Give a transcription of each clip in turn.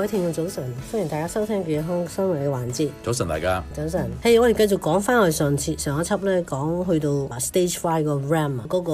每一天，嘅早晨！歡迎大家收聽健康生活嘅環節。早晨，大家。早晨。嘿、hey,，我哋繼續講翻我哋上次上一輯咧，講去到 stage five ram,、那個 r a m 個覺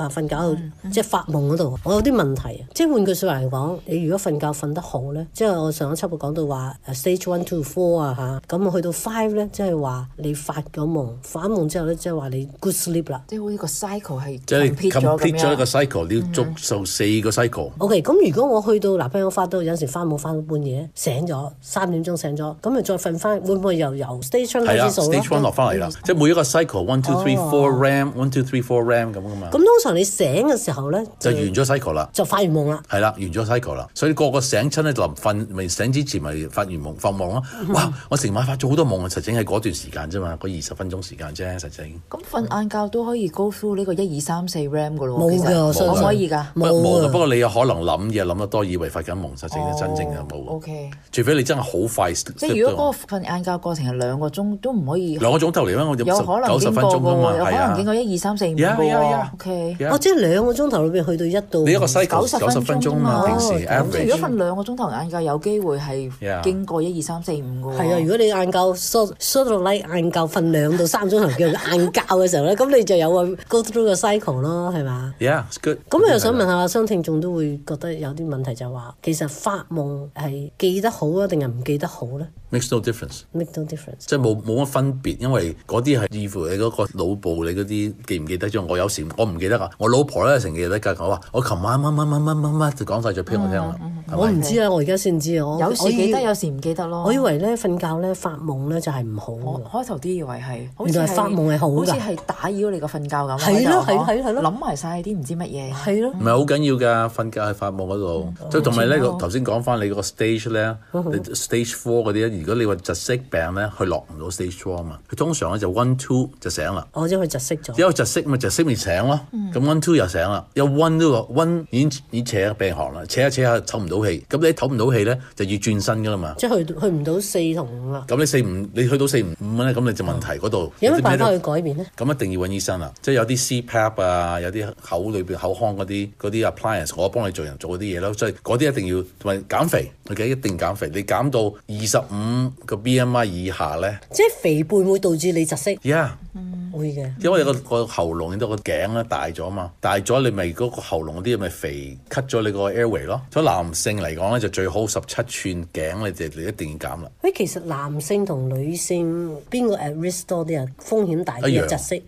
啊瞓覺、嗯，即係發夢嗰度、嗯。我有啲問題啊，即係換句話說話嚟講，你如果瞓覺瞓得好咧，即係我上一輯會講到話 stage one to four 啊嚇，咁我去到 five 咧，即係話你發咗夢發,夢,發夢之後咧，即係話你 good sleep 啦。即係我呢個 cycle 係，c o m p l 即係 complete 咗一個 cycle，你要足數四個 cycle。OK，咁如果我去到嗱，譬如我發到有陣時發冇發夢？半夜醒咗，三點鐘醒咗，咁咪再瞓翻，會唔會又由 stage one 開始數咯？stage one 落翻嚟啦，即係每一個 cycle one two three four REM one two three four REM 咁啊嘛。咁、哦哦、通常你醒嘅時候咧，就完咗 cycle 啦，就發完夢啦。係啦，完咗 cycle 啦，所以個個醒親咧就瞓，未醒之前咪發完夢發夢啦。哇！我成晚發咗好多夢啊，實情係嗰段時間啫嘛，嗰二十分鐘時間啫，實情。咁瞓晏覺都可以 go through 呢個一二三四 REM 噶咯？冇噶，我可以㗎，冇啊。不過你有可能諗嘢諗得多，以為發緊夢，實情真正。哦 O K，除非你真係好快速，即係如果嗰個瞓晏覺過程係兩個鐘，都唔可以兩個鐘頭嚟翻，我有可能經過㗎嘛，有可能經過一二三四五個。O K，我即係兩個鐘頭裏邊去到一度，九十分鐘啊嘛。平時，如果瞓兩個鐘頭晏覺有機會係經過一二三四五㗎喎。係啊，如果你晏覺 short short 到 like 晏覺瞓兩到三鐘頭叫晏覺嘅時候咧，咁你就有個 go through 個 cycle 咯，係嘛？Yeah，it's good。咁我又想問下，相聽眾都會覺得有啲問題就係話，其實發夢。係記得好啊，定係唔記得好咧？Makes no difference。Make no difference 即。即係冇冇乜分別，因為嗰啲係依乎你嗰個腦部你嗰啲記唔記得啫。我有時我唔記得啊。我老婆咧，成日記得㗎。我話我琴晚乜乜乜乜乜乜就講晒咗俾我聽啦。Mm -hmm. 是不是 okay。我唔知啊，我而家先知啊！我有時記得，有時唔記得咯。我以為咧瞓覺咧發夢咧就係唔好。開頭啲以為係，原來發夢係好㗎，好似係打擾你個瞓覺咁。係咯，係係咯，諗埋晒啲唔知乜嘢。係、嗯、咯，唔係好緊要㗎，瞓覺喺發夢嗰度。即同埋咧，頭先講翻你個 stage 咧，stage four 嗰啲，如果你話窒息病咧，佢落唔到 stage four 啊嘛。佢通常咧就 one two 就醒啦。我因佢窒息咗。因為窒息咪窒息未醒咯。咁 one two 又醒啦，一 one 呢個 one 已經已扯咗病行啦，扯一扯下唞唔到。冇氣，咁你唞唔到氣咧，就要轉身噶啦嘛。即係去去唔到四同五啊。咁你四五，你去到四五五蚊咧，咁你就問題嗰度。有咩辦法去改變咧？咁一定要揾醫生啦。即係有啲 CPAP 啊，有啲口裏邊口腔嗰啲嗰啲 appliance，我幫你做人做嗰啲嘢咯。所以嗰啲一定要同埋減肥，佢嘅一定減肥。你減到二十五個 BMI 以下咧，即係肥胖會導致你窒息。Yeah、嗯。會嘅，因為個個喉嚨嗰度個頸咧大咗啊嘛，大咗你咪嗰個喉嚨嗰啲咪肥，cut 咗你個 airway 咯。所以男性嚟講咧就最好十七寸頸你就你一定要減啦。其實男性同女性邊個 at risk 多啲啊？風險大啲一,一樣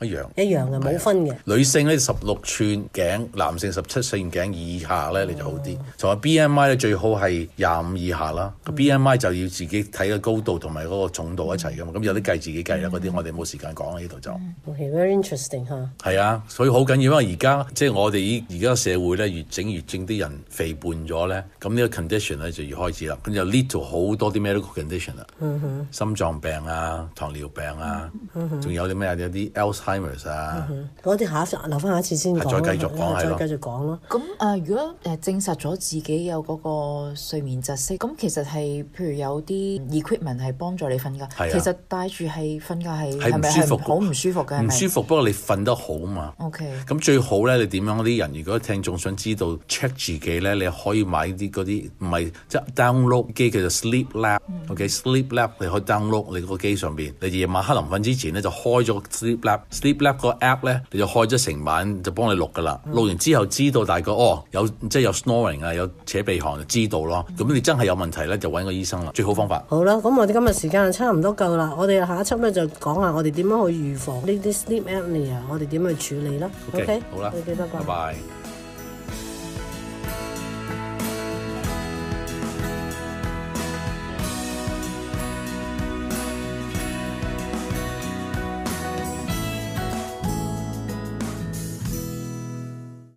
一樣一樣嘅，冇分嘅。女性咧十六寸頸，男性十七寸頸以下咧你就好啲。同、哦、埋 BMI 咧最好係廿五以下啦、嗯。BMI 就要自己睇個高度同埋嗰個重度一齊嘅嘛。咁有啲計自己計啦，嗰、嗯、啲我哋冇時間講喺呢度就。o、okay, k very interesting. 嚇，係啊，所以好緊要，因為而家即係我哋而家社會咧，越整越整啲人肥胖咗咧，咁呢個 condition 咧就要開始啦，咁就 lead to 好多啲 medical condition 啦、嗯，心臟病啊，糖尿病啊，仲、嗯、有啲咩啊？有啲 Alzheimer 啊，嗯哼，嗰啲下一留翻下一次先再繼續講再繼續講咯。咁誒、呃，如果誒證實咗自己有嗰個睡眠窒息，咁其實係譬如有啲 equipment 係幫助你瞓覺、啊，其實戴住係瞓覺係係唔舒服，好唔舒服。唔舒，舒服，不過你瞓得好嘛。OK，咁最好咧，你點樣啲人？如果聽眾想知道 check 自己咧，你可以買啲嗰啲，唔係即 download 機，叫做 Sleep Lab、嗯。OK，Sleep、okay? Lab 你可以 download 你個機上邊。你夜晚黑臨瞓之前咧就開咗個 Sleep Lab，Sleep Lab 個 Lab app 咧你就開咗成晚就幫你錄噶啦。錄、嗯、完之後知道大概哦，有即係有 snoring 啊，有扯鼻鼾就知道咯。咁、嗯、你真係有問題咧，就揾個醫生啦。最好方法。好啦，咁我哋今日時間差唔多夠啦，我哋下一輯咧就講下我哋點樣去預防。呢啲 sleep apnea，我哋點去處理啦？OK，好啦，多謝你，拜拜。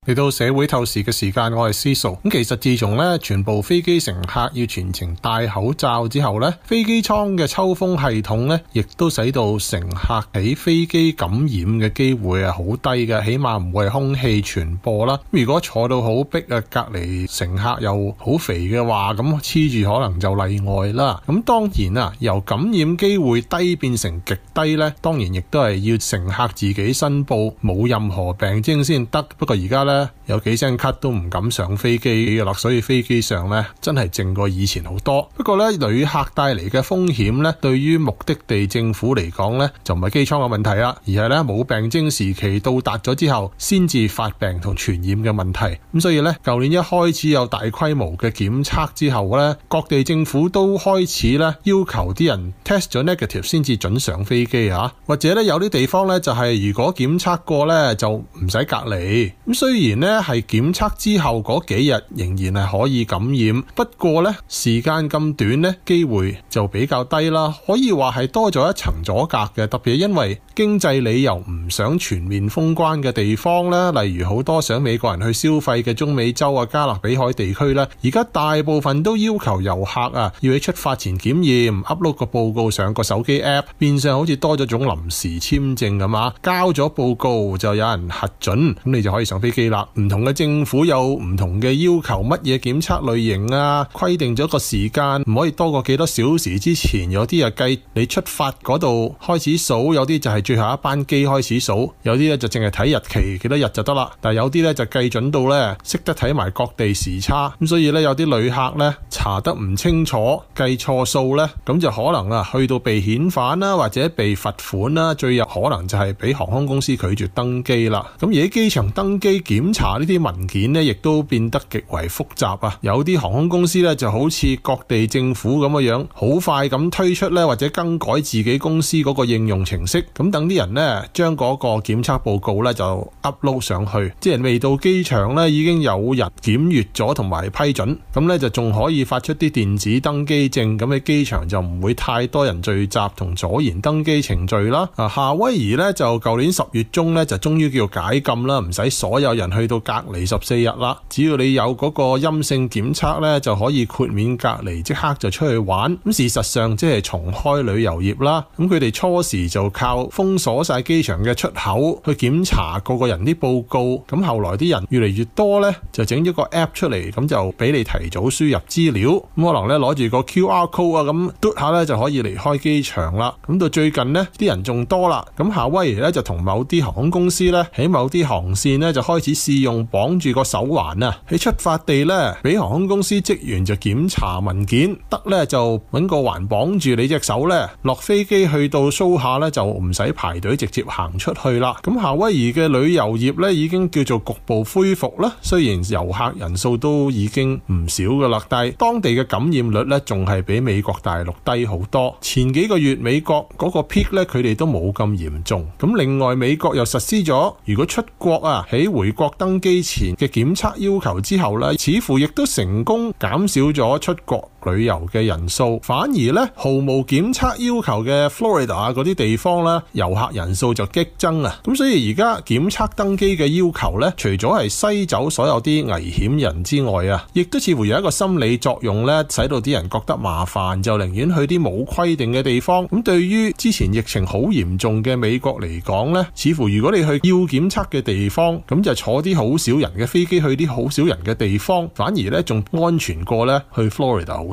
嚟到社會透視嘅時間，我係思素。咁其實自從咧，全部飛機乘客要全程戴口罩之後咧，飛機艙嘅抽風系統咧，亦都使到乘客喺飛機感染嘅機會係好低嘅，起碼唔會空氣傳播啦。如果坐到好逼啊，隔離乘客又好肥嘅話，咁黐住可能就例外啦。咁當然啊，由感染機會低變成極低咧，當然亦都係要乘客自己申報冇任何病徵先得。不過而家咧。有幾聲咳都唔敢上飛機嘅，所以飛機上咧真係靜過以前好多。不過咧，旅客帶嚟嘅風險咧，對於目的地政府嚟講咧，就唔係機艙嘅問題啦，而係咧冇病徵時期到達咗之後，先至發病同傳染嘅問題。咁所以咧，舊年一開始有大規模嘅檢測之後咧，各地政府都開始咧要求啲人 test 咗 negative 先至准上飛機啊，或者咧有啲地方咧就係如果檢測過咧就唔使隔離。咁雖然咧，係檢測之後嗰幾日仍然係可以感染，不過咧時間咁短咧，機會就比較低啦。可以話係多咗一層阻隔嘅，特別係因為經濟理由唔想全面封關嘅地方咧，例如好多想美國人去消費嘅中美洲啊、加勒比海地區啦，而家大部分都要求遊客啊，要喺出發前檢驗 upload 個報告上個手機 app，變相好似多咗種臨時簽證咁啊，交咗報告就有人核准，咁你就可以上飛機啦。唔同嘅政府有唔同嘅要求，乜嘢檢測類型啊？規定咗個時間，唔可以多過幾多小時之前。有啲啊計你出發嗰度開始數，有啲就係最後一班機開始數，有啲咧就淨係睇日期幾多日就得啦。但係有啲咧就計準到咧，識得睇埋各地時差咁，所以咧有啲旅客咧查得唔清楚，計錯數咧，咁就可能啊去到被遣返啦，或者被罰款啦，最有可能就係俾航空公司拒絕登機啦。咁而喺機場登機檢。檢查呢啲文件呢，亦都變得極為複雜啊！有啲航空公司呢，就好似各地政府咁嘅樣，好快咁推出呢，或者更改自己公司嗰個應用程式。咁等啲人呢，將嗰個檢測報告呢，就 upload 上去，即係未到機場呢，已經有人檢閲咗同埋批准。咁呢就仲可以發出啲電子登機證，咁喺機場就唔會太多人聚集同阻延登機程序啦。啊，夏威夷呢，就舊年十月中呢，就終於叫解禁啦，唔使所有人。去到隔離十四日啦，只要你有嗰個陰性檢測呢，就可以豁免隔離，即刻就出去玩。咁事實上即係重開旅遊業啦。咁佢哋初時就靠封鎖晒機場嘅出口去檢查個個人啲報告。咁後來啲人越嚟越多呢，就整咗個 app 出嚟，咁就俾你提早輸入資料。咁可能呢，攞住個 QR code 啊，咁嘟下呢就可以離開機場啦。咁到最近呢，啲人仲多啦，咁夏威夷呢，就同某啲航空公司呢，喺某啲航線呢，就開始。是用綁住個手環啊，喺出發地呢，俾航空公司職員就檢查文件，得呢，就搵個環綁住你隻手呢。落飛機去到蘇哈呢，就唔使排隊，直接行出去啦。咁夏威夷嘅旅遊業呢，已經叫做局部恢復啦，雖然遊客人數都已經唔少噶啦，但係當地嘅感染率呢，仲係比美國大陸低好多。前幾個月美國嗰個 peak 呢，佢哋都冇咁嚴重。咁另外美國又實施咗，如果出國啊，喺回國。國登機前嘅檢測要求之後咧，似乎亦都成功減少咗出國。旅遊嘅人數，反而呢，毫無檢測要求嘅 Florida 嗰啲地方呢，遊客人數就激增喇。咁所以而家檢測登機嘅要求呢，除咗係篩走所有啲危險人之外啊，亦都似乎有一個心理作用呢，使到啲人覺得麻煩就寧願去啲冇規定嘅地方。咁對於之前疫情好嚴重嘅美國嚟講呢，似乎如果你去要檢測嘅地方，咁就坐啲好少人嘅飛機去啲好少人嘅地方，反而呢仲安全過呢去 Florida。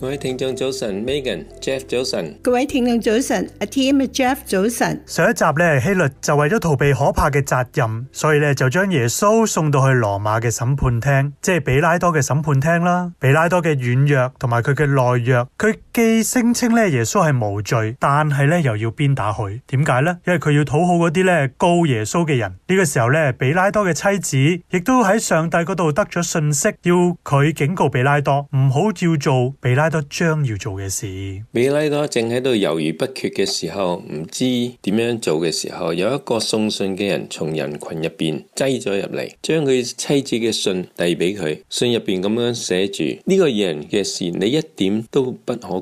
各位聽眾早晨，Megan、Jeff 早晨。各位聽眾早晨，Athena、A team, Jeff 早晨。上一集咧，希律就為咗逃避可怕嘅責任，所以咧就將耶穌送到去羅馬嘅審判廳，即係比拉多嘅審判廳啦。比拉多嘅軟弱同埋佢嘅內弱，佢既聲稱咧耶穌係無罪，但係咧又要鞭打佢，點解呢？因為佢要討好嗰啲咧告耶穌嘅人。呢個時候咧，比拉多嘅妻子亦都喺上帝嗰度得咗訊息，要佢警告比拉多，唔好照做比拉多將要做嘅事。比拉多正喺度猶豫不決嘅時候，唔知點樣做嘅時候，有一個送信嘅人從人群入邊擠咗入嚟，將佢妻子嘅信遞俾佢。信入邊咁樣寫住呢個人嘅事，你一點都不可。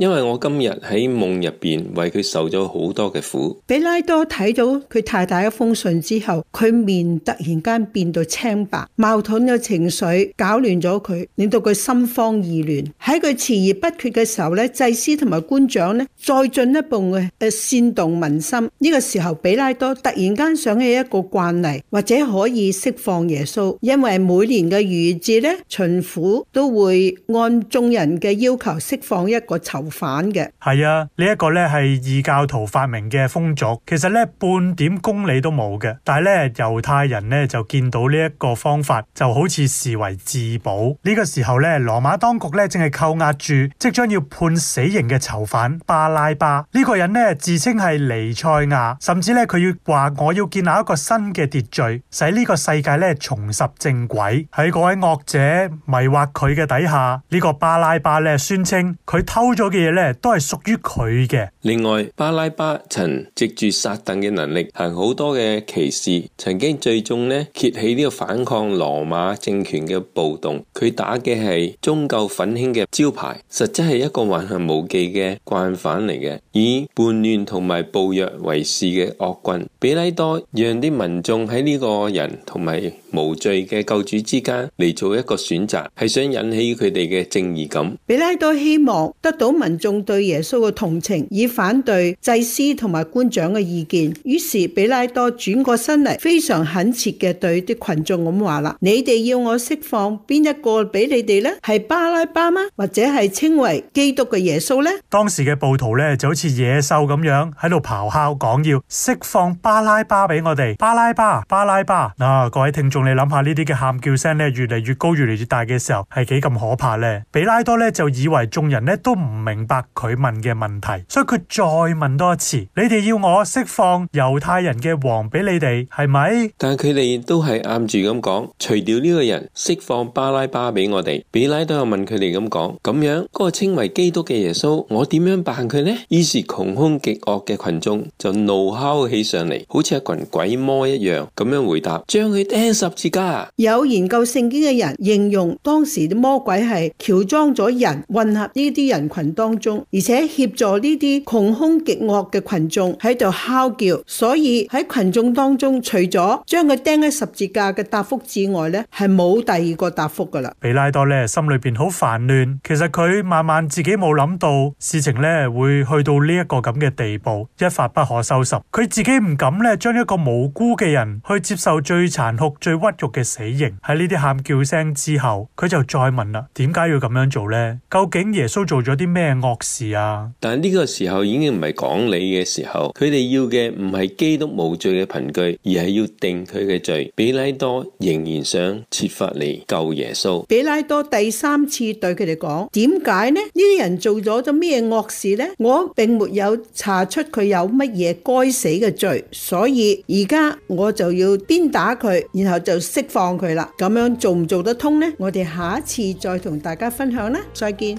因為我今日喺夢入邊為佢受咗好多嘅苦，比拉多睇到佢太大一封信之後，佢面突然間變到青白，矛盾嘅情緒搞亂咗佢，令到佢心慌意亂。喺佢遲疑不決嘅時候咧，祭司同埋官長咧再進一步嘅煽動民心。呢、這個時候，比拉多突然間想起一個慣例，或者可以釋放耶穌，因為每年嘅逾節咧，巡撫都會按眾人嘅要求釋放一個囚犯。反嘅係啊，呢、這、一個咧係異教徒發明嘅風俗，其實咧半點公理都冇嘅。但係咧猶太人咧就見到呢一個方法，就好似視為自保。呢、這個時候咧，羅馬當局咧正係扣押住即將要判死刑嘅囚犯巴拉巴。呢、這個人咧自稱係彌賽亞，甚至咧佢要話我要建立一個新嘅秩序，使呢個世界咧重拾正軌。喺嗰位惡者迷惑佢嘅底下，呢、這個巴拉巴咧宣稱佢偷咗件嘢咧都係屬於佢嘅。另外，巴拉巴曾藉住撒旦嘅能力行好多嘅奇事，曾經最終呢揭起呢個反抗羅馬政權嘅暴動。佢打嘅係宗教憤青嘅招牌，實質係一個橫行無忌嘅慣犯嚟嘅，以叛亂同埋暴虐為事嘅惡棍。比拉多讓啲民眾喺呢個人同埋。無罪嘅救主之間嚟做一個選擇，係想引起佢哋嘅正義感。比拉多希望得到民眾對耶穌嘅同情，以反對祭司同埋官長嘅意見。於是比拉多轉過身嚟，非常懇切嘅對啲群眾咁話啦：「你哋要我釋放邊一個俾你哋呢？係巴拉巴嗎？或者係稱為基督嘅耶穌呢？」當時嘅暴徒呢，就好似野獸咁樣喺度咆哮，講要釋放巴拉巴俾我哋。巴拉巴，巴拉巴，嗱、啊，各位聽眾。你諗下呢啲嘅喊叫聲咧，越嚟越高，越嚟越大嘅時候，係幾咁可怕咧？比拉多咧就以為眾人咧都唔明白佢問嘅問題，所以佢再問多一次：你哋要我釋放猶太人嘅王俾你哋係咪？但係佢哋都係暗住咁講，除掉呢個人，釋放巴拉巴俾我哋。比拉多又問佢哋咁講：咁樣嗰個稱為基督嘅耶穌，我點樣辦佢咧？於是窮凶極惡嘅群眾就怒吼起上嚟，好似一群鬼魔一樣咁樣回答：將佢釘十。字架。有研究聖經嘅人形容當時啲魔鬼係喬裝咗人，混合呢啲人群當中，而且協助呢啲窮凶極惡嘅群眾喺度嚎叫，所以喺群眾當中除咗將佢釘喺十字架嘅答覆之外咧，係冇第二個答覆噶啦。比拉多咧心裏邊好煩亂，其實佢慢慢自己冇諗到事情咧會去到呢一個咁嘅地步，一發不可收拾。佢自己唔敢咧將一個無辜嘅人去接受最殘酷最。屈辱嘅死刑。喺呢啲喊叫聲之後，佢就再問啦：點解要咁樣做呢？究竟耶穌做咗啲咩惡事啊？但係呢個時候已經唔係講理嘅時候，佢哋要嘅唔係基督無罪嘅憑據，而係要定佢嘅罪。比拉多仍然想設法嚟救耶穌。比拉多第三次對佢哋講：點解呢？呢啲人做咗咗咩惡事呢？我並沒有查出佢有乜嘢該死嘅罪，所以而家我就要鞭打佢，然後就。就釋放佢啦，咁樣做唔做得通呢？我哋下一次再同大家分享啦，再見。